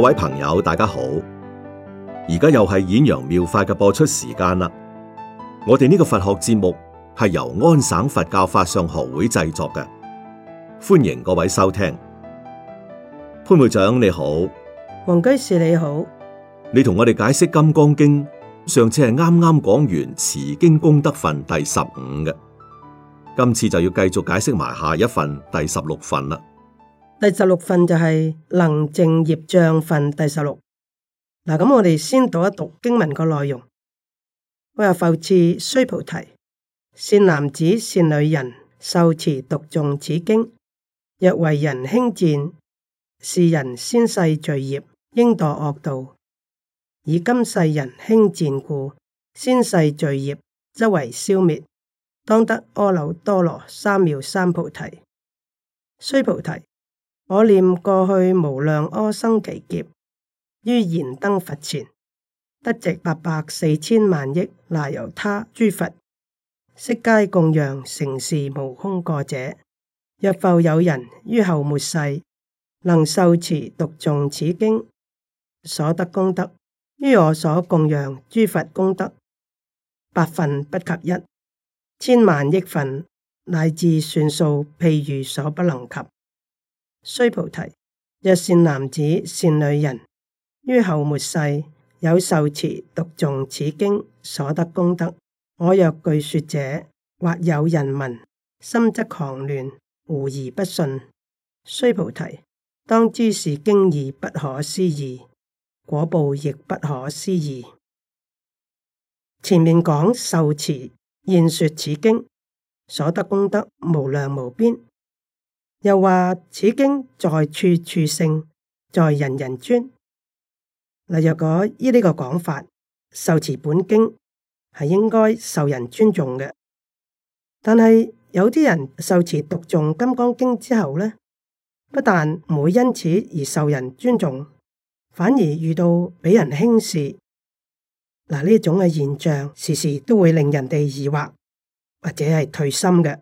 各位朋友，大家好！而家又係《演揚妙，妙法》嘅播出時間啦。我哋呢個佛學節目係由安省佛教法相學會製作嘅，歡迎各位收聽。潘會長你好，黃居士你好，你同我哋解釋《金剛經》，上次係啱啱講完持經功德分第十五嘅，今次就要繼續解釋埋下一份第十六份啦。第十六份就係、是，能淨業障份第十六嗱，咁我哋先讀一讀經文個內容。我話復次「須菩提，善男子善女人受持讀誦此經，若為人輕賤，是人先世罪業應墮惡道。以今世人輕賤故，先世罪業則為消滅，當得阿耨多羅三藐三菩提。須菩提。我念過去無量阿生其劫，於燃燈佛前得值八百四千萬億，那由他諸佛悉皆供養成事無空過者。若復有人於後末世能受持讀誦此經，所得功德於我所供養諸佛功德百分不及一，千萬億分，乃至算數譬喻所不能及。須菩提，若善男子、善女人，於後末世有受持、讀誦此經所得功德，我若具說者，或有人聞，心則狂亂，狐疑不信。須菩提，當知是經義不可思議，果報亦不可思議。前面講受持，現說此經所得功德無量無邊。又話此經在處處勝，在人人尊。嗱，若果依呢個講法，受持本經係應該受人尊重嘅。但係有啲人受持讀誦金剛經之後咧，不但唔會因此而受人尊重，反而遇到俾人輕視。嗱，呢種嘅現象，時時都會令人哋疑惑，或者係退心嘅。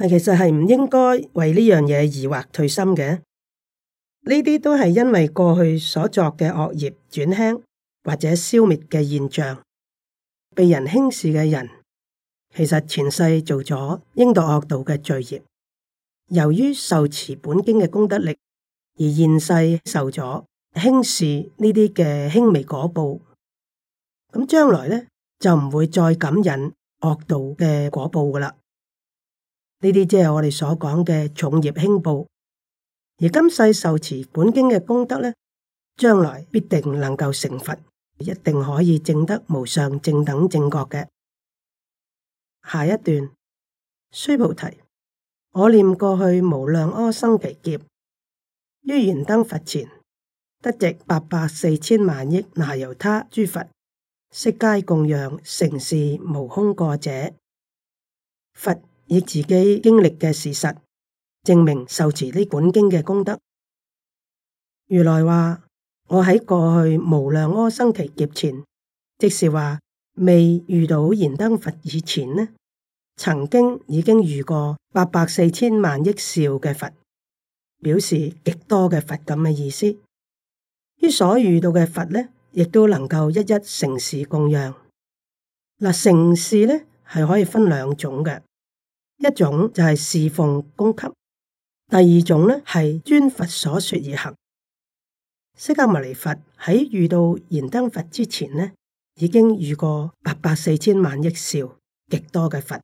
其實係唔應該為呢樣嘢疑惑退心嘅。呢啲都係因為過去所作嘅惡業轉輕或者消滅嘅現象。被人輕視嘅人，其實前世做咗應墮惡道嘅罪業，由於受持本經嘅功德力，而現世受咗輕視呢啲嘅輕微果報。咁將來呢，就唔會再感染惡道嘅果報㗎喇。呢啲即係我哋所講嘅重業輕報，而今世受持本經嘅功德呢，將來必定能夠成佛，一定可以證得無上正等正覺嘅。下一段，須菩提，我念過去無量阿僧祇劫，於燃燈佛前得值八百四千萬億那由他諸佛，悉皆供養，承事無空過者，佛。以自己經歷嘅事實證明受持呢本經嘅功德。如來話：我喺過去無量阿僧祇劫前，即是話未遇到燃燈佛以前呢，曾經已經遇過八百四千萬億兆嘅佛，表示極多嘅佛咁嘅意思。於所遇到嘅佛呢，亦都能夠一一成事供養。嗱，成事呢係可以分兩種嘅。一種就係侍奉供給，第二種咧係遵佛所說而行。釋迦牟尼佛喺遇到燃燈佛之前咧，已經遇過八百四千萬億兆極多嘅佛，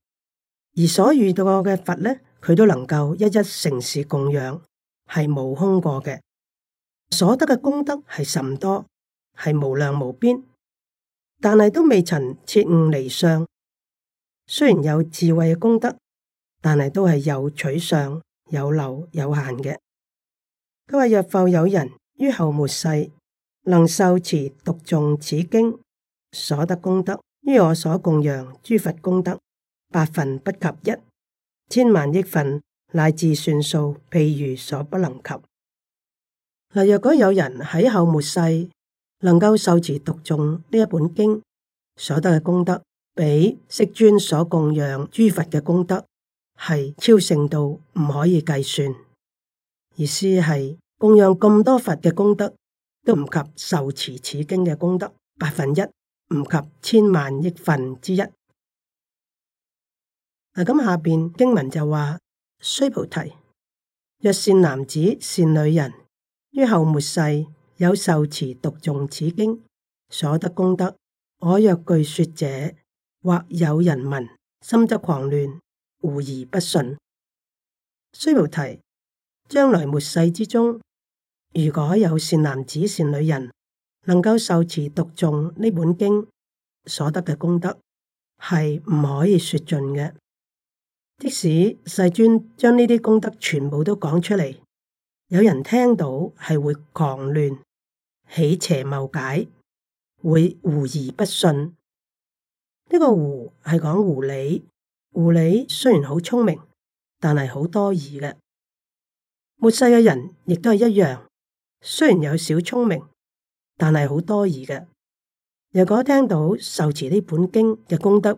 而所遇到嘅佛咧，佢都能夠一一承事供養，係無空過嘅。所得嘅功德係甚多，係無量無邊，但係都未曾徹悟離相。雖然有智慧嘅功德。但係都係有取相、有漏、有限嘅。佢話若否有人於後末世能受持讀誦此經，所得功德於我所供養諸佛功德百分不及一，千萬億分，乃至算數譬如所不能及。嗱，若果有人喺後末世能夠受持讀誦呢一本經，所得嘅功德比釋尊所供養諸佛嘅功德，係超勝度，唔可以計算，意思係供養咁多佛嘅功德都唔及受持此經嘅功德百分一，唔及千萬億分之一。嗱、啊，咁下邊經文就話：須菩提，若善男子、善女人，於後末世有受持讀誦此經所得功德，我若具說者，或有人聞，心則狂亂。狐而不信。須菩提，將來末世之中，如果有善男子、善女人，能夠受持讀誦呢本經，所得嘅功德係唔可以說盡嘅。即使世尊將呢啲功德全部都講出嚟，有人聽到係會狂亂、起邪謀解，會狐疑不信。呢、這個狐係講狐狸。狐狸雖然好聰明，但係好多疑嘅。末世嘅人亦都係一樣，雖然有小聰明，但係好多疑嘅。若果聽到受持呢本經嘅功德，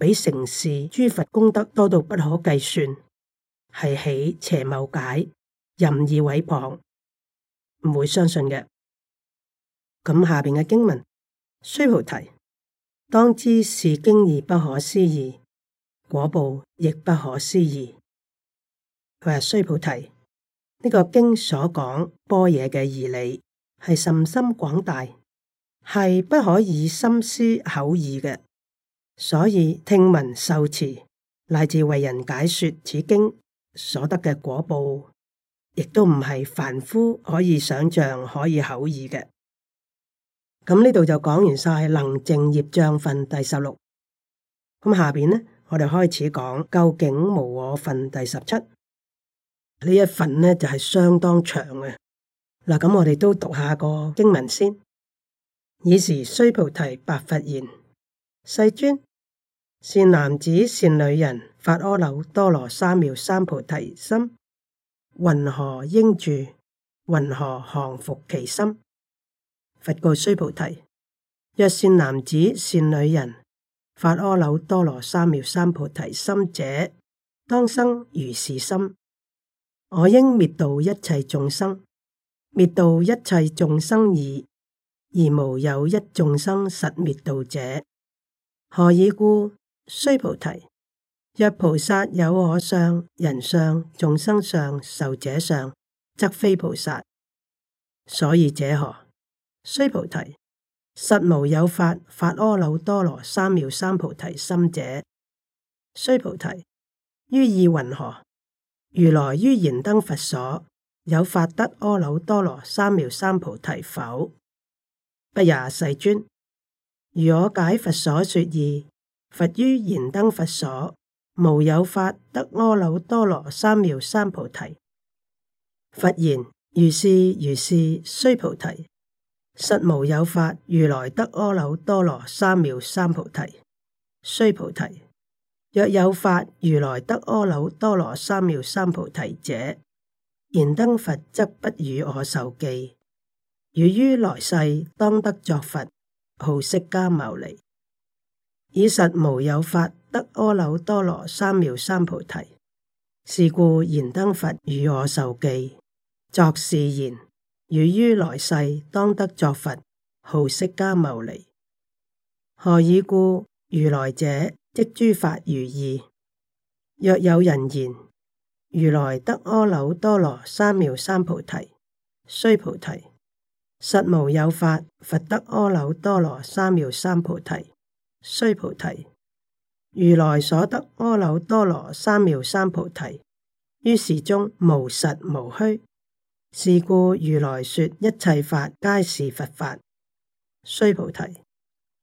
比成事諸佛功德多到不可計算，係起邪謬解，任意毀謗，唔會相信嘅。咁下邊嘅經文，須菩提，當知是經義不可思議。果報亦不可思議。佢話，須菩提，呢、這個經所講般若嘅義理係甚深廣大，係不可以心思口議嘅。所以聽聞受持，乃至為人解說此經所得嘅果報，亦都唔係凡夫可以想象可以口議嘅。咁呢度就講完晒能淨業障分第十六，嗯。咁下邊呢，我哋開始講究竟無我分第十七呢一份呢，就係、是、相當長嘅。嗱，咁我哋都讀下個經文先。爾時須菩提白佛言：世尊，善男子善女人發阿耨多羅三藐三菩提心，云何應住？云何降伏其心？佛告須菩提：若善男子善女人發阿耨多羅三藐三菩提心者，當生如是心。我應滅度一切眾生，滅度一切眾生已，而無有一眾生實滅度者。何以故？須菩提，若菩薩有我相、人相、眾生相、壽者相，則非菩薩。所以者何？須菩提。實無有法，發阿耨多羅三藐三菩提心者，須菩提，於意云何？如來於燃燈佛所，有法得阿耨多羅三藐三菩提否？不也，世尊。如我解佛所說義，佛於燃燈佛所，無有法得阿耨多羅三藐三菩提。佛言：如是如是，須菩提，實無有法，如來得阿耨多羅三藐三菩提。須菩提，若有法如來得阿耨多羅三藐三菩提者，燃燈佛則不與我受記。如於來世當得作佛，好釋迦牟尼。以實無有法得阿耨多羅三藐三菩提，是故燃燈佛與我受記作是言。汝於，於來世當得作佛，號釋迦牟尼。何以故？如來者，即諸法如義。若有人言，如來得阿耨多羅三藐三菩提，須菩提，實無有法，佛得阿耨多羅三藐三菩提，須菩提，如來所得阿耨多羅三藐三菩提，於是中無實無虛。是故如來說一切法皆是佛法，須菩提，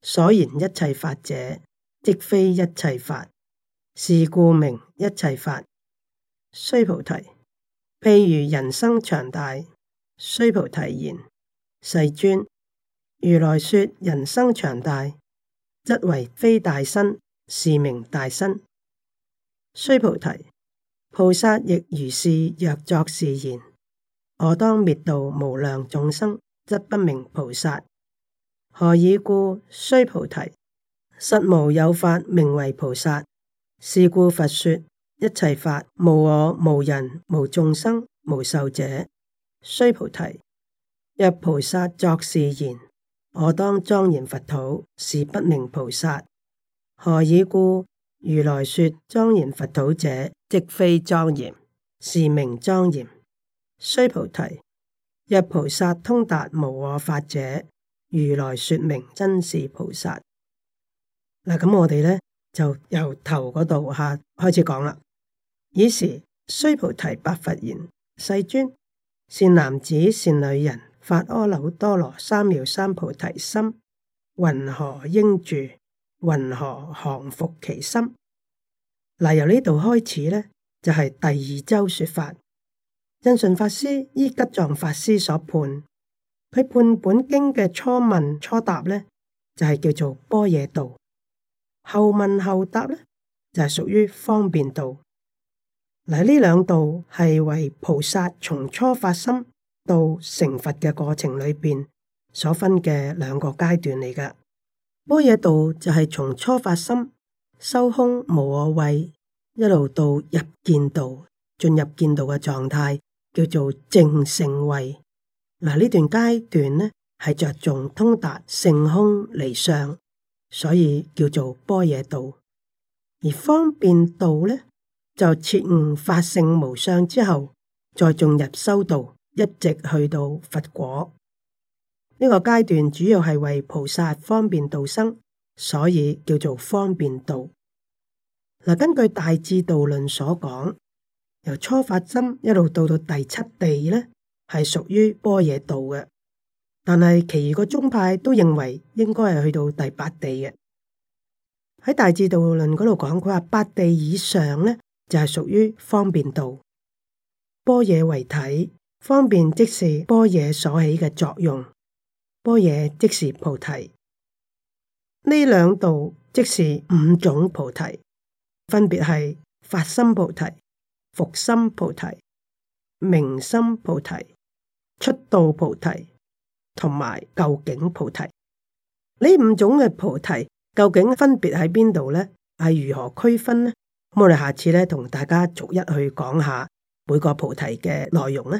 所言一切法者，即非一切法，是故名一切法。須菩提，譬如人身長大，須菩提言：世尊，如來說人身長大，則為非大身，是名大身。須菩提，菩薩亦如是，若作是言。我當滅度無量眾生，則不名菩薩。何以故？須菩提，實無有法名為菩薩。是故佛說一切法無我、無人、無眾生、無壽者。須菩提，若菩薩作是言：我當莊嚴佛土，是不名菩薩。何以故？如來說莊嚴佛土者，即非莊嚴，是名莊嚴。須菩提，若菩薩通達無我法者，如來說名真是菩薩。嗱，咁我哋咧就由頭嗰度下開始講啦。爾時須菩提白佛言：世尊，善男子，善女人，發阿耨多羅三藐三菩提心，云何應住？云何降伏其心？嗱，由呢度開始咧，就係第二周說法。印順法師依吉藏法師所判，佢判本經嘅初問初答咧，就係、是、叫做般若道；後問後答咧，就係屬於方便道。嗱，呢兩道係為菩薩從初發心到成佛嘅過程裏邊所分嘅兩個階段嚟嘅。般若道就係從初發心、修空無我位，一路到入見道，進入見道嘅狀態，叫做正聖位，嗱，呢段階段呢係着重通達性空離相，所以叫做般若道。而方便道呢，就徹悟法性無相之後，再進入修道，一直去到佛果呢個階段，主要係為菩薩方便度生，所以叫做方便道。嗱，根據《大智度論》所講。由初發心一路到到第七地咧，係屬於般若道嘅。但係其餘個宗派都認為應該係去到第八地嘅。喺大智度論嗰度講，佢話八地以上咧就係、是、屬於方便道。般若為體，方便即是般若所起嘅作用。般若即是菩提，呢兩道即是五種菩提，分別係發心菩提、伏心菩提、明心菩提、出道菩提同埋究竟菩提，呢五種嘅菩提究竟分別喺邊度咧？係如何區分咧？咁我哋下次咧同大家逐一去講一下每個菩提嘅內容咧。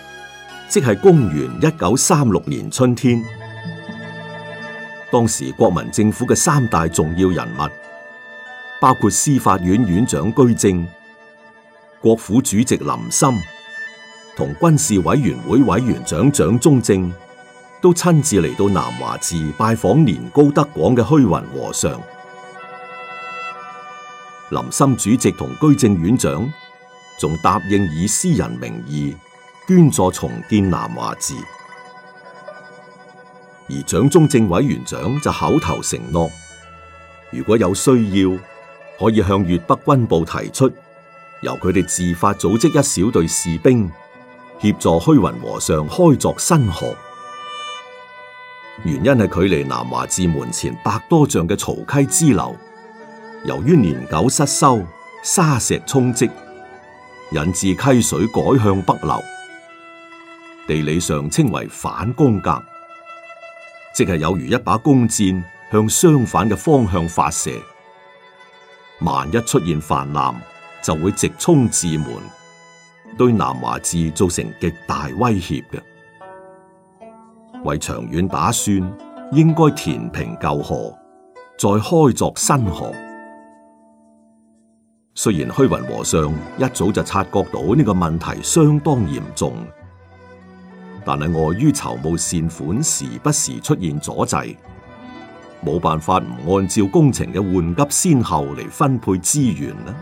即係公元一九三六年春天，當時國民政府嘅三大重要人物，包括司法院院長居正、國府主席林森同軍事委員會委員長蔣中正，都親自嚟到南華寺拜訪年高德廣嘅虛雲和尚。林森主席同居正院長仲答應以私人名義。捐助重建南華寺，而蔣中正委員長就口頭承諾，如果有需要，可以向粵北軍部提出，由佢哋自發組織一小隊士兵協助虛雲和尚開鑿新河。原因係距離南華寺門前百多丈嘅曹溪支流，由於年久失修、沙石沖積，引致溪水改向北流。地理上稱為反弓格，即係有如一把弓箭向相反嘅方向發射。萬一出現泛濫，就會直衝自門，對南華寺造成極大威脅嘅。為長遠打算，應該填平舊河，再開鑿新河。雖然虛雲和尚一早就察覺到呢個問題相當嚴重。但係礙於籌募善款，時不時出現阻滯，冇辦法唔按照工程嘅緩急先後嚟分配資源啦。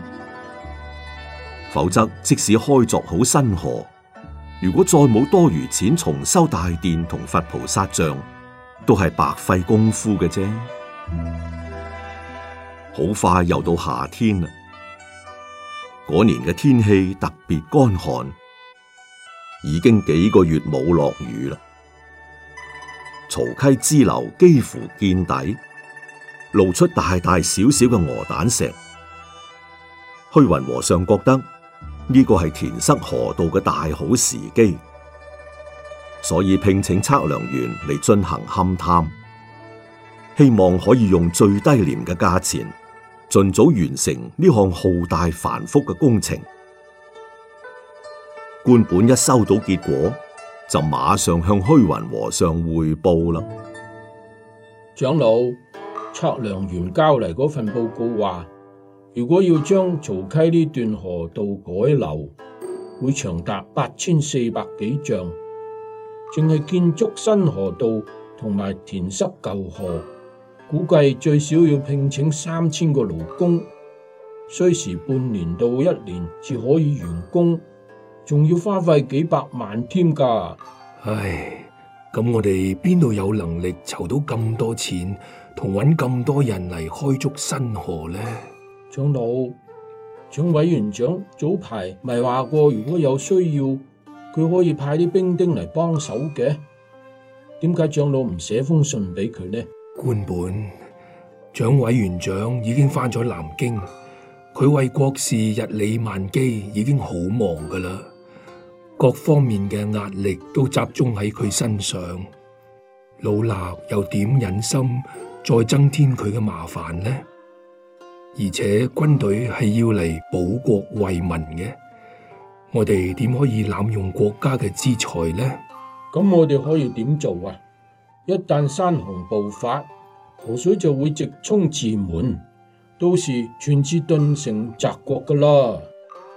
否則，即使開鑿好新河，如果再冇多餘錢重修大殿同佛菩薩像，都係白費功夫嘅啫。好快又到夏天啦，嗰年嘅天氣特別乾寒。已經幾個月冇落雨啦，曹溪支流幾乎見底，露出大大小小嘅鵝蛋石。虛雲和尚覺得呢個係填塞河道嘅大好時機，所以聘請測量員嚟進行勘探，希望可以用最低廉嘅價錢，盡早完成呢項浩大繁複嘅工程。官本一收到結果，就馬上向虛雲和尚匯報啦。長老，測量員交嚟嗰份報告話，如果要將曹溪呢段河道改流，會長達八千四百幾丈，淨係建築新河道同埋填塞舊河，估計最少要聘請三千個勞工，需時半年到一年至可以完工。仲要花費幾百萬添噶，唉，咁我哋邊度有能力籌到咁多錢，同揾咁多人嚟開築新河呢？長老，蔣委員長早排咪話過，如果有需要，佢可以派啲兵丁嚟幫手嘅，點解長老唔寫封信俾佢呢？官本，蔣委員長已經翻咗南京，佢為國事日理萬機，已經好忙噶啦。各方面嘅壓力都集中喺佢身上，老衲又點忍心再增添佢嘅麻煩呢？而且軍隊係要嚟保國衛民嘅，我哋點可以濫用國家嘅資財呢？咁我哋可以點做啊？一旦山洪暴發，河水就會直衝寺門，到時全寺頓成澤國噶啦！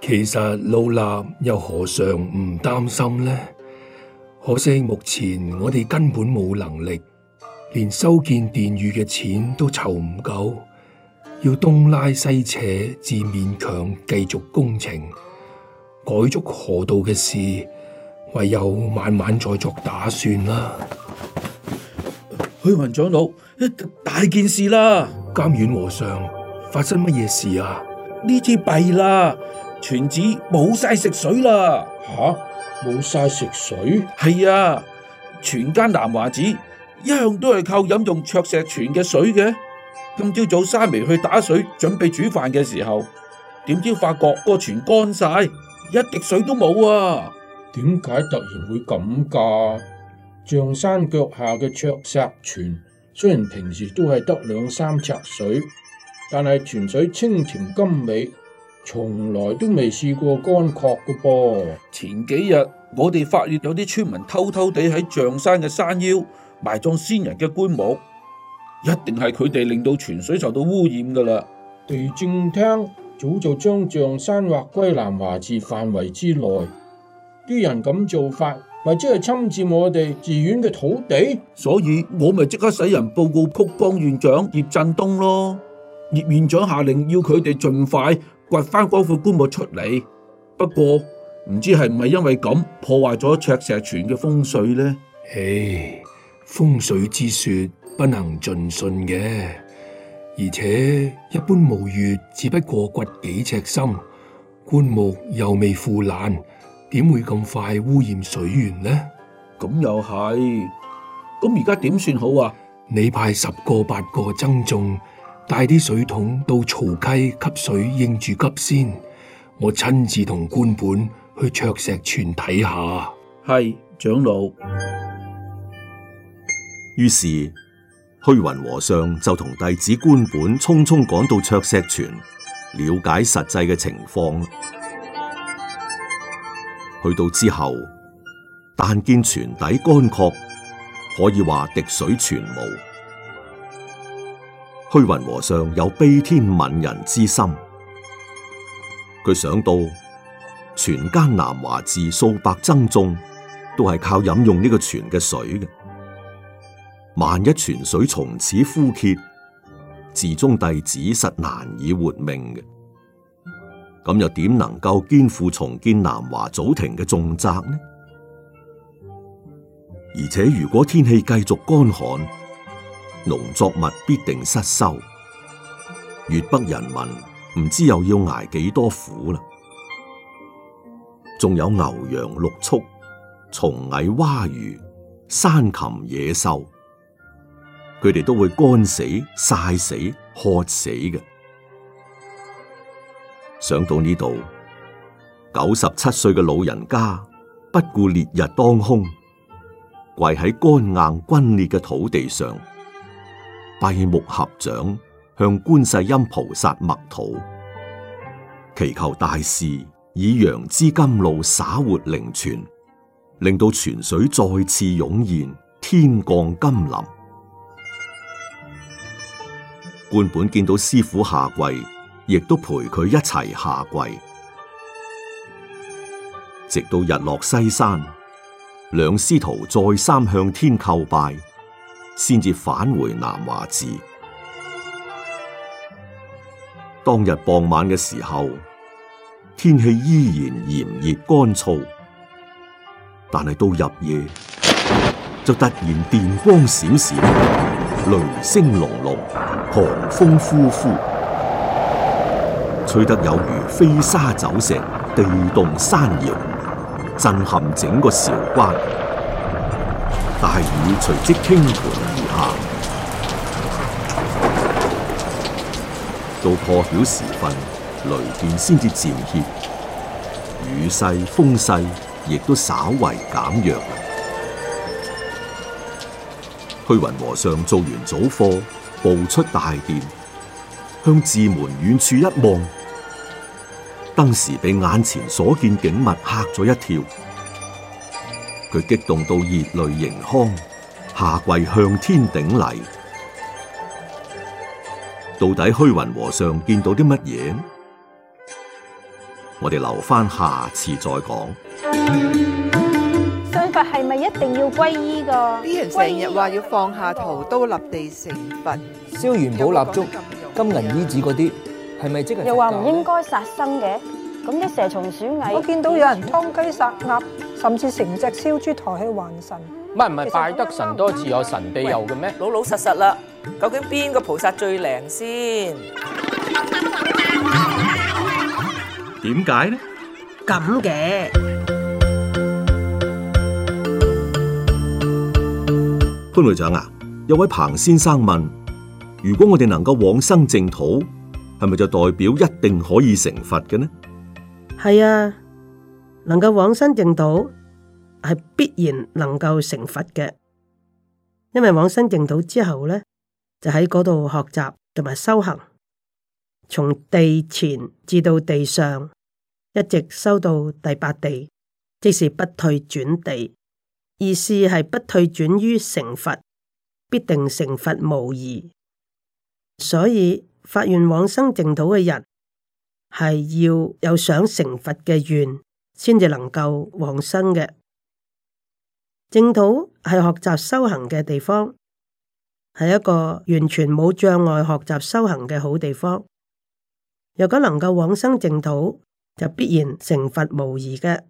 其實老衲又何嘗唔擔心呢？可惜目前我哋根本冇能力，連修建殿宇嘅錢都籌唔夠，要東拉西扯至勉強繼續工程，改築河道嘅事，唯有慢慢再作打算啦。虛雲長老，大件事啦！監院和尚，發生乜嘢事啊？呢支弊啦！泉子冇晒食水啦！吓，冇晒食水？係啊，全間南華寺一向都係靠飲用卓錫泉嘅水嘅。今朝早沙彌去打水準備煮飯嘅時候，點知發覺個泉乾晒，一滴水都冇啊！點解突然會咁㗎？象山腳下嘅卓錫泉雖然平時都係得兩三尺水，但係泉水清甜甘美。從來都未試過乾涸嘅噃。前幾日我哋發現有啲村民偷偷地喺象山嘅山腰埋葬先人嘅棺木，一定係佢哋令到泉水受到污染噶啦。地政廳早就將象山劃歸南華寺範圍之內，啲人咁做法，咪即係侵佔我哋寺院嘅土地，所以我咪即刻使人報告曲江縣長葉振東咯。葉院長下令要佢哋盡快掘翻嗰副棺木出嚟，不過唔知係唔係因為咁破壞咗赤石泉嘅風水呢？唉，風水之說不能盡信嘅，而且一般墓穴只不過掘幾尺深，棺木又未腐爛，點會咁快污染水源呢？咁又係，咁而家點算好啊？你派十個八個僧眾。帶啲水桶到曹溪吸水，應住急先。我親自同官本去卓石泉睇下，係長老。於是虛雲和尚就同弟子官本匆匆趕到卓石泉，了解實際嘅情況。去到之後，但見泉底乾涸，可以話滴水全無。虛雲和尚有悲天憫人之心，佢想到全間南華寺數百僧眾都係靠飲用呢個泉嘅水嘅，萬一泉水從此枯竭，寺中弟子實難以活命嘅。咁又點能夠肩負重建南華祖庭嘅重責呢？而且如果天氣繼續乾旱，農作物必定失收，粵北人民唔知又要挨幾多苦啦。仲有牛羊六畜、蟲蟻蛙魚、山禽野獸，佢哋都會乾死、曬死、渴死嘅。想到呢度，九十七歲嘅老人家不顧烈日當空，跪喺乾硬皸裂嘅土地上。閉目合掌，向觀世音菩薩默禱，祈求大士以楊枝甘露灑活靈泉，令到泉水再次湧現，天降甘霖。觀本見到師父下跪，亦都陪佢一齊下跪，直到日落西山，兩師徒再三向天叩拜。先至返回南華寺。當日傍晚嘅時候，天氣依然炎熱乾燥，但係到入夜就突然電光閃閃、雷聲隆隆、寒風呼呼，吹得有如飛沙走石、地動山搖，震撼整個韶關。大雨隨即傾盆而下，到破曉時分，雷電先至漸歇，雨勢風勢亦都稍為減弱。虛雲和尚做完早課，步出大殿，向寺門遠處一望，當時被眼前所見景物嚇咗一跳。佢激動到熱淚盈眶，下跪向天頂禮。到底虛雲和尚見到啲乜嘢？我哋留返下，下次再講。信佛係咪一定要皈依噶？啲人成日話要放下屠刀立地成佛，燒元寶蠟燭、金銀衣紙嗰啲，係咪、嗯、即係？又話唔應該殺生嘅，咁啲蛇蟲鼠蟻，我見到有人殺雞殺鴨。嗯甚至成隻燒豬抬起還神，唔係，唔係拜得神多自有神庇佑嘅咩？老老實實啦，究竟邊個菩薩最靈先？點解呢？咁嘅，潘會長啊，有位彭先生問：如果我哋能夠往生淨土，係咪就代表一定可以成佛嘅呢？係啊。能夠往生淨土係必然能夠成佛嘅，因為往生淨土之後咧，就喺嗰度學習同埋修行，從地前至到地上，一直修到第八地，即是不退轉地，意思係不退轉於成佛，必定成佛無疑。所以發願往生淨土嘅人係要有想成佛嘅願。先至能夠往生嘅淨土係學習修行嘅地方，係一個完全冇障礙學習修行嘅好地方。如果能夠往生淨土，就必然成佛無疑嘅。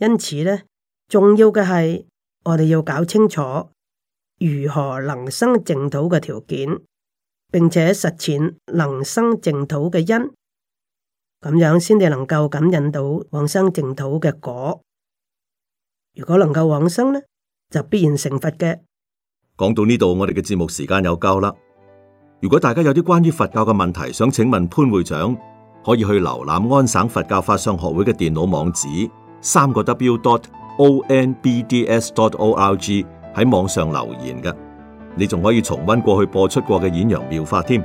因此咧，重要嘅係我哋要搞清楚如何能生淨土嘅條件，並且實踐能生淨土嘅因。咁樣先至能夠感應到往生淨土嘅果。如果能夠往生咧，就必然成佛嘅。講到呢度，我哋嘅節目時間又夠啦。如果大家有啲關於佛教嘅問題想請問潘會長，可以去瀏覽安省佛教法相學會嘅電腦網址，三個 w dot o n b d s dot o r g 喺網上留言嘅。你仲可以重温過去播出過嘅演揚妙法添。